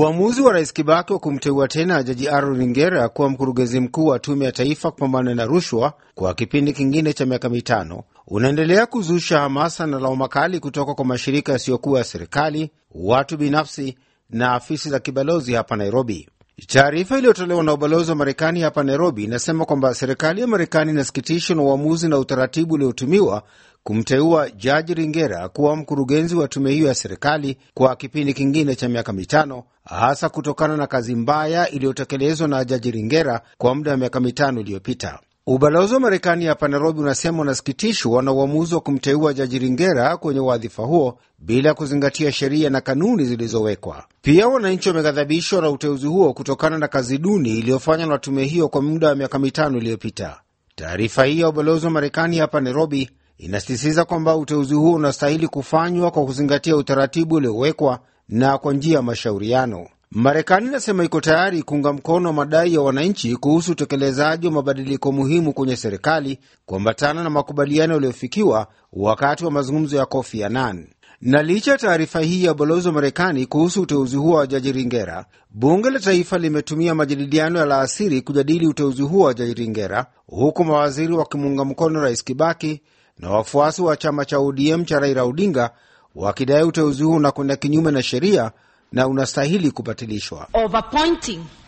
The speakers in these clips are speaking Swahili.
Uamuzi wa Rais Kibaki wa kumteua tena Jaji Aaron Ringera kuwa mkurugenzi mkuu wa Tume ya Taifa kupambana na rushwa kwa kipindi kingine cha miaka mitano unaendelea kuzusha hamasa na lawama kali kutoka kwa mashirika yasiyokuwa ya serikali, watu binafsi na afisi za kibalozi hapa Nairobi. Taarifa iliyotolewa na ubalozi wa Marekani hapa Nairobi inasema kwamba serikali ya Marekani inasikitishwa na uamuzi na utaratibu uliotumiwa kumteua Jaji Ringera kuwa mkurugenzi wa tume hiyo ya serikali kwa kipindi kingine cha miaka mitano, hasa kutokana na kazi mbaya iliyotekelezwa na Jaji Ringera kwa muda wa miaka mitano iliyopita. Ubalozi wa Marekani hapa Nairobi unasema unasikitishwa na uamuzi wa kumteua Jaji Ringera kwenye wadhifa huo bila kuzingatia sheria na kanuni zilizowekwa. Pia wananchi wameghadhabishwa na uteuzi huo kutokana na kazi duni iliyofanywa na tume hiyo kwa muda wa miaka mitano iliyopita. Taarifa hii ya ubalozi wa Marekani hapa Nairobi inasisitiza kwamba uteuzi huo unastahili kufanywa kwa kuzingatia utaratibu uliowekwa na kwa njia ya mashauriano. Marekani inasema iko tayari kuunga mkono madai ya wananchi kuhusu utekelezaji wa mabadiliko muhimu kwenye serikali kuambatana na makubaliano yaliyofikiwa wakati wa mazungumzo ya Kofi Annan. Na licha ya taarifa hii ya balozi wa Marekani kuhusu uteuzi huo wa Jaji Ringera, bunge la taifa limetumia majadiliano ya laasiri kujadili uteuzi huo wa Jaji Ringera, huku mawaziri wakimuunga mkono Rais Kibaki na wafuasi wa chama cha ODM cha Raila Odinga wakidai uteuzi huu unakwenda kinyume na sheria na unastahili kubatilishwa.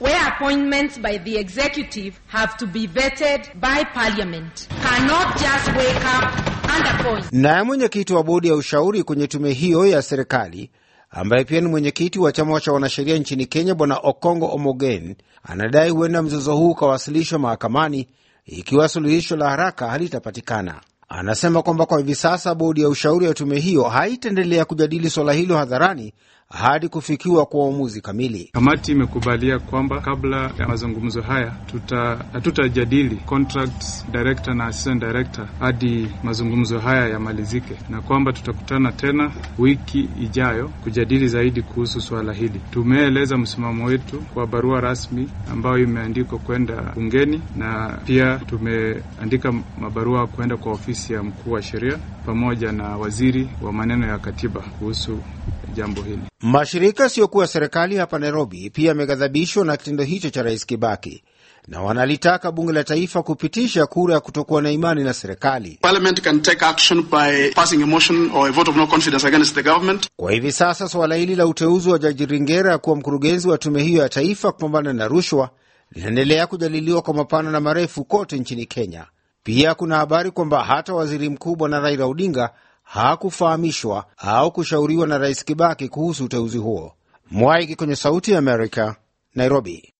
where appointments by the executive have to be vetted by parliament cannot just wake up Naye mwenyekiti wa bodi ya ushauri kwenye tume hiyo ya serikali ambaye pia ni mwenyekiti wa chama cha wanasheria nchini Kenya, Bwana Okongo Omogen anadai huenda mzozo huu ukawasilishwa mahakamani ikiwa suluhisho la haraka halitapatikana. Anasema kwamba kwa hivi sasa bodi ya ushauri ya tume hiyo haitaendelea kujadili suala hilo hadharani hadi kufikiwa kwa uamuzi kamili. Kamati imekubalia kwamba kabla ya mazungumzo haya hatutajadili contracts director na assistant director hadi mazungumzo haya yamalizike, na kwamba tutakutana tena wiki ijayo kujadili zaidi kuhusu swala hili. Tumeeleza msimamo wetu kwa barua rasmi ambayo imeandikwa kwenda bungeni na pia tumeandika mabarua kwenda kwa ofisi ya mkuu wa sheria pamoja na waziri wa maneno ya katiba kuhusu jambo hili. Mashirika yasiyokuwa ya serikali hapa Nairobi pia yameghadhabishwa na kitendo hicho cha Rais Kibaki na wanalitaka bunge la taifa kupitisha kura ya kutokuwa na imani na serikali. no Kwa hivi sasa suala hili la uteuzi wa Jaji Ringera kuwa mkurugenzi wa tume hiyo ya taifa kupambana na rushwa linaendelea kujadiliwa kwa mapana na marefu kote nchini Kenya. Pia kuna habari kwamba hata waziri mkuu Bwana Raila Odinga hakufahamishwa au kushauriwa na Rais Kibaki kuhusu uteuzi huo. Mwaiki kwenye Sauti ya Amerika, Nairobi.